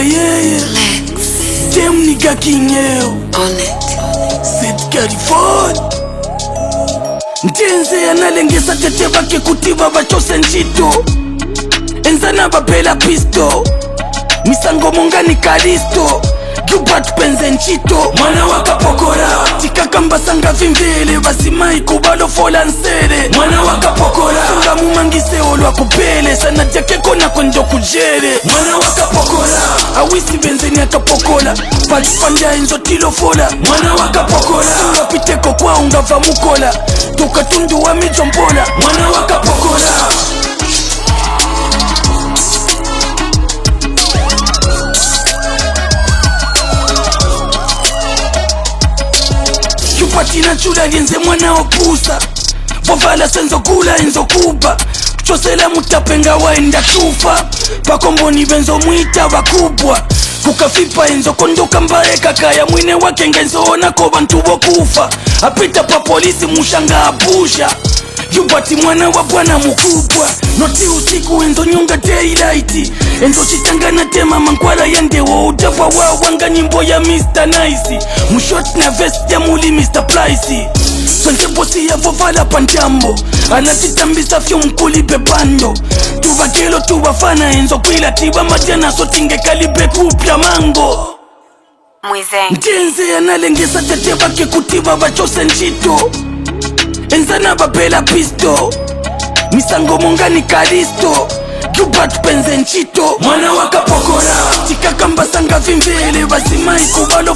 Yeah, yeah, yeah. Lex. Dem nigga kinyeo. On it. Sit carry forward. Ntenze analengesa tete bake kutiva bachose ntchito enzana bapela pisto misango mongani kalisto gilbert penze ntchito mwana wakapokora tikakambasanga vimvele basimai kubalofola nsele mwana wakapokora awise olwakupele sanajjakeko konjo kujere mwana wakapokola awisi benzeni akapokola palipandaenzo tilofola mwana wakapokola singapiteko kwa ungava mukola tundu wa midzo mpola mwana wakapokola chupatina chula lienze mwana wa okusa vovala senzokula enzokuba chosele mutapenga waenda tufa pakomboni benzo mwita bakubwa kukafipa enzo kondoka mbarekaka ya mwine wakengenzoonako bantu bokufa apita pa polisi mushanga abusha yubati mwana wa bwana mukubwa noti usiku enzo nyunga daylight enzo na tema mankwala yandewo utava wawanga nyimbo ya mr nice mushot na vest ya muli mr price sontemposi yavovala pantambo anatitambisa fyomkulipe bando tuvakelo tuvafana enzo kwilatiba majana sotingekalipe kupya mango mtenze analengesa tete vake kutiva vachose njito na vapela pisto misango mongani kalisto tuba tupenze nchito mwana wakapokora chikakambasanga vimvele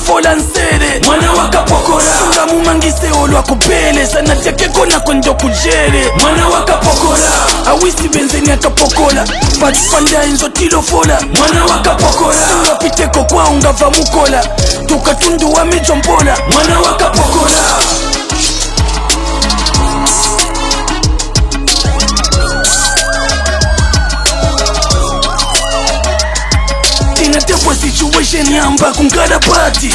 fola nsere mwana wakapokora sungamumangise olwakupele sanatyakekonakonjo kujere mwana wakapokora awisi benzeni akapokola patipandaenzo tilofola mwana wakapokora singapiteko kwaungava mukola tukatunduwa mijombola mwana wakapokora shenyamba kungala pati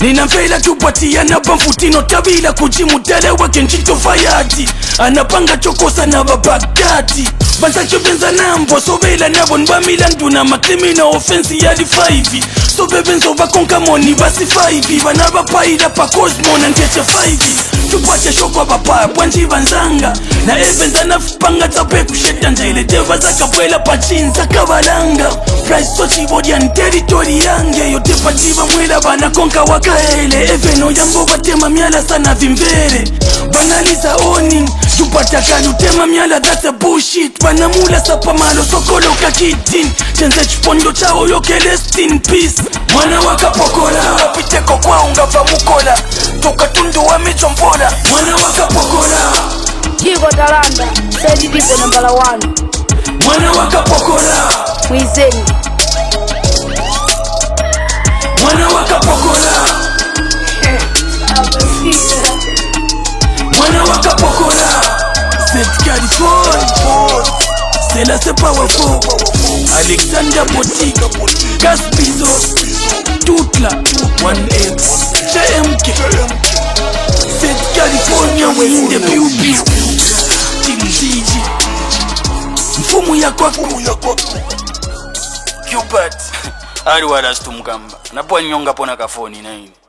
ninamvela tupati anabamfutino tabila kujimudale wake njitofayati anapanga tokosa nababagdadi banzachebenza nambo sobela nabo nibamila nduna makrimina ofensi yali 5 sobebenzo bakonkamoni basi 5 banabapayila pacosmo nanteche 5 tupatashokwa bapaya bwanji banzanga na ebenza nafupanga tape kusheta ndailetewa zakabwela pachinza kavalanga praiso chivodya ni teritori yange yote pachiva mwela vanakonka wakaele eveno yambo vatema myala sana vimvere vanaliza oni yupatakanyutema myala that's a bullshit vanamula sapamalo sokoloka kitin chenze chipondo chao yokelestin peace mwana wakapokora ukapiteko kwa ungava mukola tokatundu wa michombola mwana wakapokora Galanda, sedi dipo nambala wanu mwana wakapokola mwizeni mwana wakapokola mwana Sela se powerful alexander botik gaspizos tutla 1x tmk set Mwana winde piupiu DJ mfumu ya kwako ali wadasitumukamba napwanyonga pona kafoni naini